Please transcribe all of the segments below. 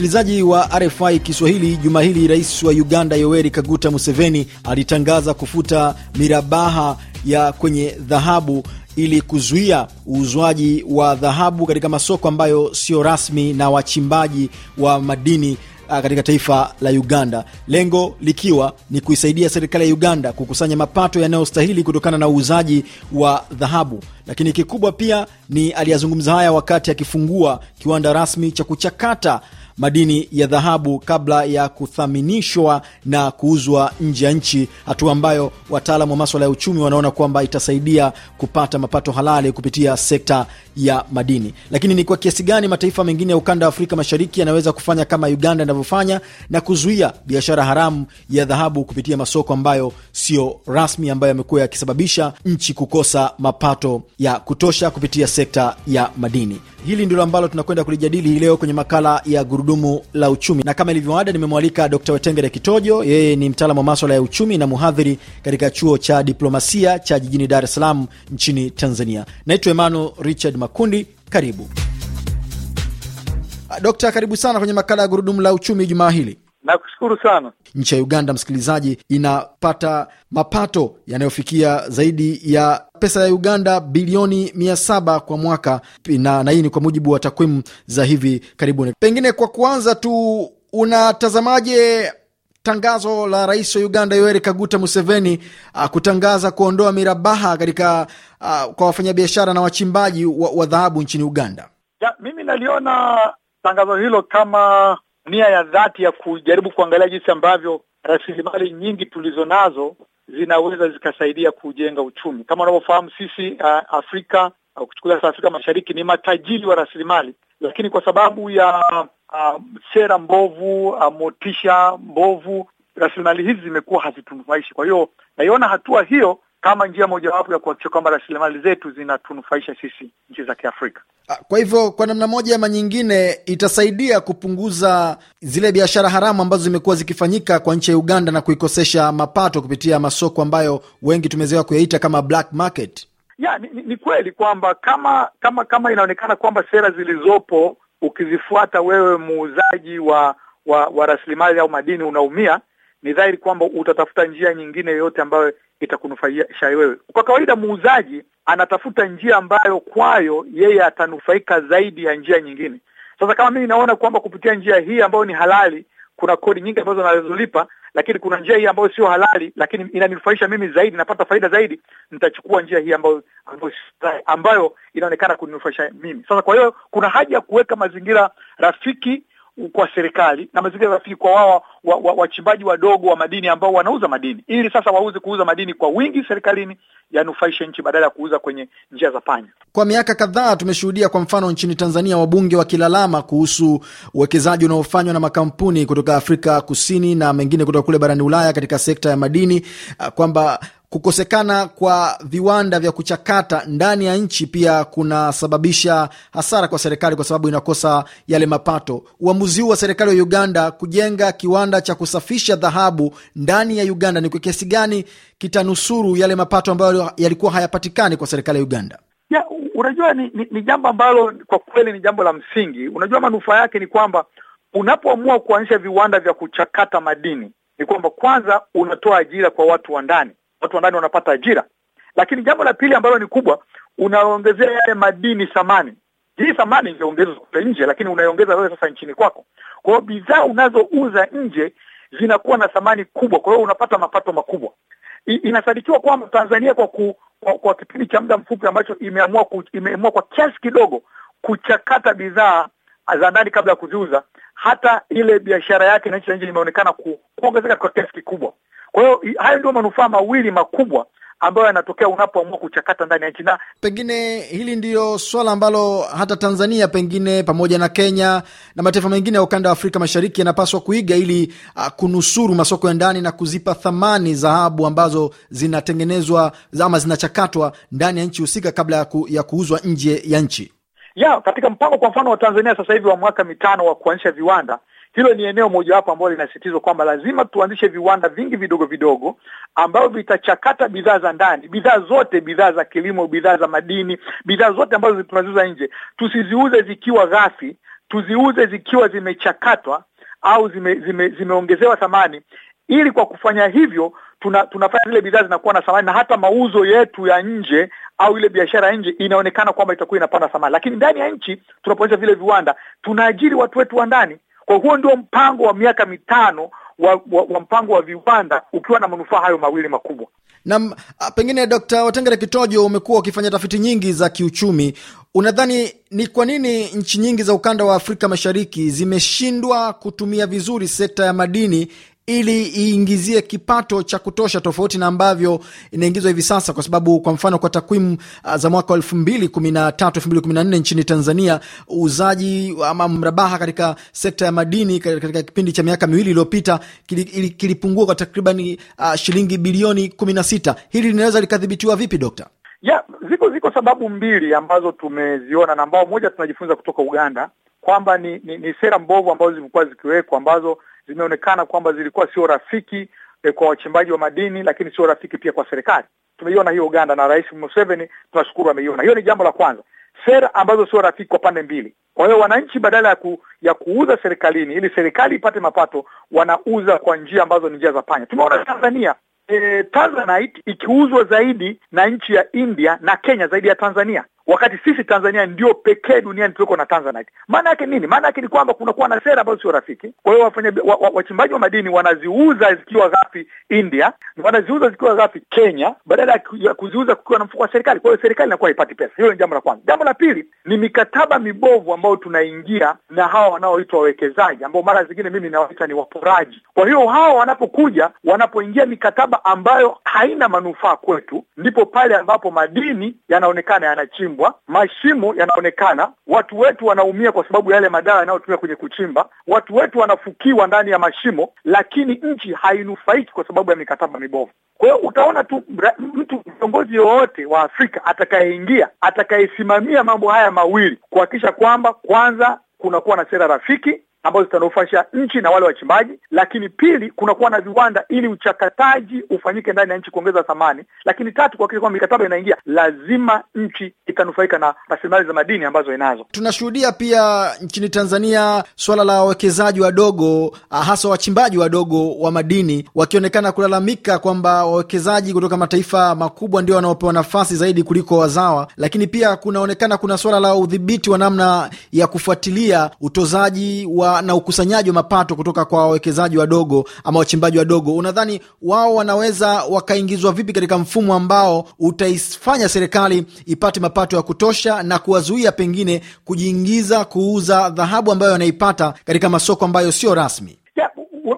Msikilizaji wa RFI Kiswahili, juma hili rais wa Uganda Yoweri Kaguta Museveni alitangaza kufuta mirabaha ya kwenye dhahabu ili kuzuia uuzwaji wa dhahabu katika masoko ambayo sio rasmi na wachimbaji wa madini ah, katika taifa la Uganda, lengo likiwa ni kuisaidia serikali ya Uganda kukusanya mapato yanayostahili kutokana na uuzaji wa dhahabu. Lakini kikubwa pia ni aliyazungumza haya wakati akifungua kiwanda rasmi cha kuchakata madini ya dhahabu kabla ya kuthaminishwa na kuuzwa nje ya nchi, hatua ambayo wataalamu wa maswala ya uchumi wanaona kwamba itasaidia kupata mapato halali kupitia sekta ya madini. Lakini ni kwa kiasi gani mataifa mengine ya ukanda wa Afrika Mashariki yanaweza kufanya kama Uganda inavyofanya na kuzuia biashara haramu ya dhahabu kupitia masoko ambayo sio rasmi, ambayo yamekuwa yakisababisha nchi kukosa mapato ya kutosha kupitia sekta ya madini? Hili ndilo ambalo tunakwenda kulijadili hii leo kwenye makala ya Gurudumu la Uchumi, na kama ilivyoada, nimemwalika Dkt Wetengere Kitojo. Yeye ni mtaalamu wa maswala ya uchumi na mhadhiri katika chuo cha diplomasia cha jijini Dar es Salaam nchini Tanzania. Naitwa Emmanuel Richard makundi. Karibu ah, Dokta, karibu sana kwenye makala ya gurudumu la uchumi jumaa hili. Nakushukuru sana. Nchi ya Uganda, msikilizaji, inapata mapato yanayofikia zaidi ya pesa ya Uganda bilioni mia saba kwa mwaka na, na hii ni kwa mujibu wa takwimu za hivi karibuni. Pengine kwa kuanza tu, unatazamaje Tangazo la rais wa Uganda Yoweri Kaguta Museveni uh, kutangaza kuondoa mirabaha katika uh, kwa wafanyabiashara na wachimbaji wa dhahabu nchini Uganda. Ja, mimi naliona tangazo hilo kama nia ya dhati ya kujaribu kuangalia jinsi ambavyo rasilimali nyingi tulizo nazo zinaweza zikasaidia kujenga uchumi. Kama unavyofahamu sisi uh, Afrika, uh, kuchukulia Afrika Mashariki ni matajiri wa rasilimali lakini kwa sababu ya uh, sera mbovu uh, motisha mbovu, rasilimali hizi zimekuwa hazitunufaishi. Kwa hiyo naiona hatua hiyo kama njia mojawapo ya kuhakikisha kwamba rasilimali zetu zinatunufaisha sisi nchi za Kiafrika. Ah, kwa hivyo, kwa namna moja ama nyingine, itasaidia kupunguza zile biashara haramu ambazo zimekuwa zikifanyika kwa nchi ya Uganda na kuikosesha mapato kupitia masoko ambayo wengi tumezoea kuyaita kama black market ya ni, ni kweli kwamba kama kama kama inaonekana kwamba sera zilizopo ukizifuata wewe muuzaji wa wa, wa rasilimali au madini unaumia, ni dhahiri kwamba utatafuta njia nyingine yoyote ambayo itakunufaisha wewe. Kwa kawaida muuzaji anatafuta njia ambayo kwayo yeye atanufaika zaidi ya njia nyingine. Sasa kama mimi naona kwamba kupitia njia hii ambayo ni halali, kuna kodi nyingi ambazo nazolipa, lakini kuna njia hii ambayo sio halali, lakini inaninufaisha mimi zaidi, napata faida zaidi, nitachukua njia hii ambayo ambayo, ambayo inaonekana kuninufaisha mimi. Sasa kwa hiyo kuna haja ya kuweka mazingira rafiki kwa serikali na mazingira rafiki kwa wao wachimbaji wa, wa, wadogo wa madini ambao wanauza madini, ili sasa wauze kuuza madini kwa wingi serikalini yanufaishe nchi badala ya kuuza kwenye njia za panya. Kwa miaka kadhaa tumeshuhudia kwa mfano nchini Tanzania wabunge wakilalama kuhusu uwekezaji unaofanywa na makampuni kutoka Afrika Kusini na mengine kutoka kule barani Ulaya katika sekta ya madini kwamba Kukosekana kwa viwanda vya kuchakata ndani ya nchi pia kunasababisha hasara kwa serikali, kwa sababu inakosa yale mapato. Uamuzi huu wa serikali ya Uganda kujenga kiwanda cha kusafisha dhahabu ndani ya Uganda ni kwa kiasi gani kitanusuru yale mapato ambayo yalikuwa hayapatikani kwa serikali ya Uganda? Ya, unajua ni, ni, ni jambo ambalo kwa kweli ni jambo la msingi. Unajua manufaa yake ni kwamba unapoamua kuanzisha viwanda vya kuchakata madini ni kwamba kwanza unatoa ajira kwa watu wa ndani watu wa ndani wanapata ajira. Lakini jambo la pili ambalo ni kubwa, unaongezea yale madini thamani. Hii thamani ingeongezwa kule nje, lakini unaiongeza wewe sasa nchini kwako. Kwa hiyo bidhaa unazouza nje zinakuwa na thamani kubwa, kwa hiyo unapata mapato makubwa. Inasadikiwa kwamba Tanzania kwa, ku, kwa, kwa kipindi cha muda mfupi ambacho imeamua ku, imeamua kwa kiasi kidogo kuchakata bidhaa za ndani kabla ya kuziuza, hata ile biashara yake na nchi za nje imeonekana kuongezeka kwa kiasi kikubwa. Kwa hiyo hayo ndio manufaa mawili makubwa ambayo yanatokea unapoamua kuchakata ndani ya nchi. Na pengine hili ndiyo swala ambalo hata Tanzania pengine pamoja na Kenya na mataifa mengine ya ukanda wa Afrika Mashariki yanapaswa kuiga ili uh, kunusuru masoko ya ndani na kuzipa thamani dhahabu ambazo zinatengenezwa ama zinachakatwa ndani ya nchi husika kabla ya, ku, ya kuuzwa nje ya nchi ya katika mpango kwa mfano wa Tanzania sasa hivi wa mwaka mitano wa kuanzisha viwanda hilo ni eneo mojawapo ambalo linasisitizwa kwamba lazima tuanzishe viwanda vingi vidogo vidogo ambavyo vitachakata bidhaa za ndani, bidhaa zote, bidhaa za kilimo, bidhaa za madini, bidhaa zote ambazo tunaziuza nje, tusiziuze zikiwa ghafi, tuziuze zikiwa zimechakatwa au zime, zime, zimeongezewa thamani, ili kwa kufanya hivyo tuna, tunafanya zile bidhaa zinakuwa na thamani na hata mauzo yetu ya nje au ile biashara nje inaonekana kwamba itakuwa inapanda thamani, lakini ndani ya nchi tunapoanza vile viwanda tunaajiri watu wetu wa ndani kwa huo ndio mpango wa miaka mitano wa, wa, wa mpango wa viwanda ukiwa na manufaa hayo mawili makubwa. Na ah, pengine d Watengere Kitojo, umekuwa ukifanya tafiti nyingi za kiuchumi, unadhani ni kwa nini nchi nyingi za ukanda wa Afrika Mashariki zimeshindwa kutumia vizuri sekta ya madini ili iingizie kipato cha kutosha, tofauti na ambavyo inaingizwa hivi sasa, kwa sababu kwa mfano kwa takwimu ah, za mwaka kumi na nne nchini Tanzania, uuzaji ama mrabaha katika sekta ya madini katika kipindi cha miaka miwili iliyopita kilipungua kwa takribani uh, ah, shilingi bilioni kumi na sita Hili linaweza likadhibitiwa vipi dokta? Ya, ziko ziko sababu mbili ambazo tumeziona na ambao moja tunajifunza kutoka Uganda kwamba ni, ni, ni sera mbovu ambazo zilikuwa zikiwekwa ambazo zimeonekana kwamba zilikuwa sio rafiki eh, kwa wachimbaji wa madini, lakini sio rafiki pia kwa serikali. Tumeiona hiyo Uganda, na Rais Museveni tunashukuru ameiona hiyo. Ni jambo la kwanza, sera ambazo sio rafiki kwa pande mbili. Kwa hiyo wananchi badala ya, ku, ya kuuza serikalini ili serikali ipate mapato, wanauza kwa njia ambazo ni njia za panya. Tumeona Tanzania E, Tanzanite ikiuzwa zaidi na nchi ya India na Kenya zaidi ya Tanzania wakati sisi Tanzania ndio pekee duniani tuliko na Tanzanite. Maana yake nini? Maana yake ni kwamba kunakuwa na sera ambazo sio rafiki. Kwa hiyo wafanya wachimbaji wa, wa madini wanaziuza zikiwa ghafi India, wanaziuza zikiwa ghafi Kenya, badala ya kuziuza kukiwa na mfuko wa serikali. Kwa hiyo serikali inakuwa haipati pesa. Hilo ni jambo la kwanza. Jambo la pili ni mikataba mibovu ambayo tunaingia na hawa wanaoitwa wawekezaji, ambao mara zingine mimi nawaita ni waporaji. Kwa hiyo hawa wanapokuja, wanapoingia mikataba ambayo haina manufaa kwetu, ndipo pale ambapo madini yanaonekana yanachimbwa yanachimbwa, mashimo yanaonekana, watu wetu wanaumia kwa sababu yale madawa yanayotumia kwenye kuchimba, watu wetu wanafukiwa ndani ya mashimo, lakini nchi hainufaiki kwa sababu ya mikataba mibovu. Kwa hiyo utaona tu mtu viongozi yoyote wa Afrika atakayeingia, atakayesimamia mambo haya mawili, kuhakikisha kwamba kwanza kunakuwa na sera rafiki ambazo zitanufaisha nchi na wale wachimbaji, lakini pili, kunakuwa na viwanda ili uchakataji ufanyike ndani ya nchi kuongeza thamani, lakini tatu, kuhakikisha kwamba mikataba inaingia, lazima nchi itanufaika na rasilimali za madini ambazo inazo. Tunashuhudia pia nchini Tanzania swala la wawekezaji wadogo, ah, hasa wachimbaji wadogo wa madini wakionekana kulalamika kwamba wawekezaji kutoka mataifa makubwa ndio wanaopewa nafasi zaidi kuliko wazawa, lakini pia kunaonekana kuna swala la udhibiti wa namna ya kufuatilia utozaji wa na ukusanyaji wa mapato kutoka kwa wawekezaji wadogo ama wachimbaji wadogo, unadhani wao wanaweza wakaingizwa vipi katika mfumo ambao utaifanya serikali ipate mapato ya kutosha na kuwazuia pengine kujiingiza kuuza dhahabu ambayo wanaipata katika masoko ambayo sio rasmi?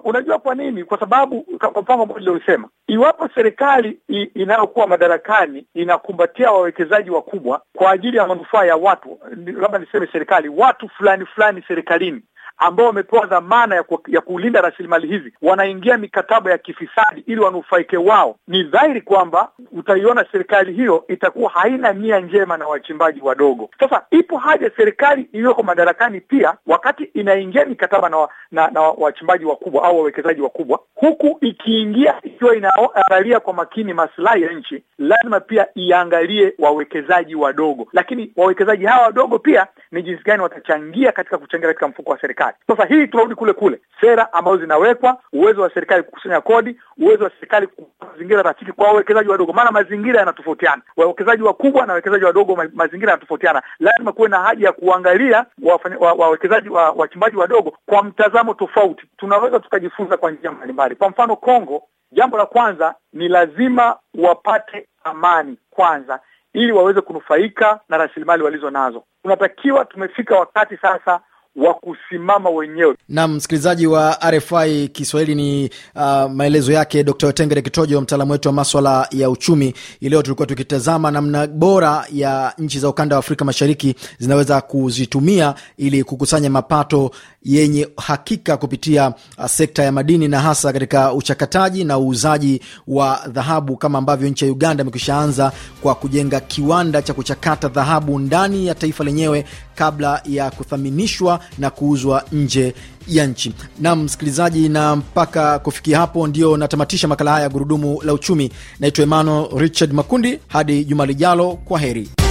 unajua kwa nini? Kwa sababu kwa mfano ambao niliosema, iwapo serikali inayokuwa madarakani inakumbatia wawekezaji wakubwa kwa ajili ya manufaa ya watu, labda niseme serikali, watu fulani fulani serikalini ambao wamepewa dhamana ya, ku, ya kulinda rasilimali hizi wanaingia mikataba ya kifisadi ili wanufaike wao. Ni dhahiri kwamba utaiona serikali hiyo itakuwa haina nia njema na wachimbaji wadogo. Sasa ipo haja serikali iliyoko madarakani pia, wakati inaingia mikataba na, na, na wachimbaji wakubwa au wawekezaji wakubwa, huku ikiingia ikiwa inaangalia kwa makini masilahi ya nchi, lazima pia iangalie wawekezaji wadogo, lakini wawekezaji hawa wadogo pia ni jinsi gani watachangia katika kuchangia katika mfuko wa serikali serikali. Sasa hii tunarudi kule kule, sera ambazo zinawekwa, uwezo wa serikali kukusanya kodi, uwezo wa serikali mazingira rafiki kwa wawekezaji wadogo, maana mazingira yanatofautiana, wawekezaji wakubwa na wawekezaji wadogo, mazingira yanatofautiana. Lazima kuwe na haja ya kuangalia wawekezaji wa, wa, wachimbaji wadogo kwa mtazamo tofauti. Tunaweza tukajifunza kwa njia mbalimbali. Kwa mfano Kongo, jambo la kwanza ni lazima wapate amani kwanza ili waweze kunufaika na rasilimali walizo nazo. Tunatakiwa, tumefika wakati sasa wa kusimama wenyewe. Naam, msikilizaji wa RFI Kiswahili ni uh, maelezo yake Dr. Tengere Kitojo, mtaalamu wetu wa maswala ya uchumi. Leo tulikuwa tukitazama namna bora ya nchi za ukanda wa Afrika Mashariki zinaweza kuzitumia ili kukusanya mapato yenye hakika kupitia uh, sekta ya madini na hasa katika uchakataji na uuzaji wa dhahabu, kama ambavyo nchi ya Uganda imekwisha anza kwa kujenga kiwanda cha kuchakata dhahabu ndani ya taifa lenyewe kabla ya kuthaminishwa na kuuzwa nje ya nchi. Naam msikilizaji, na mpaka kufikia hapo ndio natamatisha makala haya ya gurudumu la uchumi. Naitwa Emmanuel Richard Makundi, hadi juma lijalo, kwa heri.